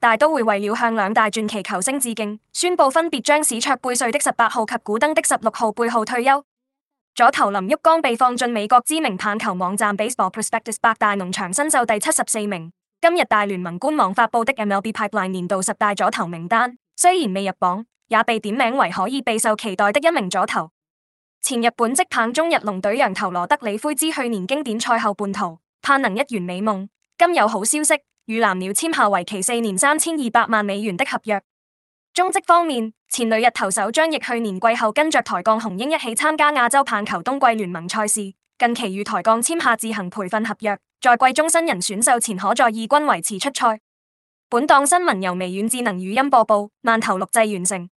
大都會為了向兩大傳奇球星致敬，宣布分別將史卓貝瑞的十八號及古登的十六號背號退休。左投林旭光被放進美國知名棒球網站 Baseball Prospectus 八大農場新秀第七十四名。今日大聯盟官網發布的 MLB Pipeline 年度十大左投名單，雖然未入榜，也被點名為可以備受期待的一名左投。前日本職棒中日龍隊洋投羅德里灰之去年經典賽後半途，盼能一圓美夢。今有好消息。與藍鳥簽下為期四年三千二百萬美元的合約。中職方面，前旅日投手張毅去年季後跟着台鋼雄鷹一起參加亞洲棒球冬季聯盟賽事，近期與台鋼簽下自行培訓合約，在季中新人選秀前可在二軍維持出賽。本檔新聞由微軟智能語音播報，慢投錄製完成。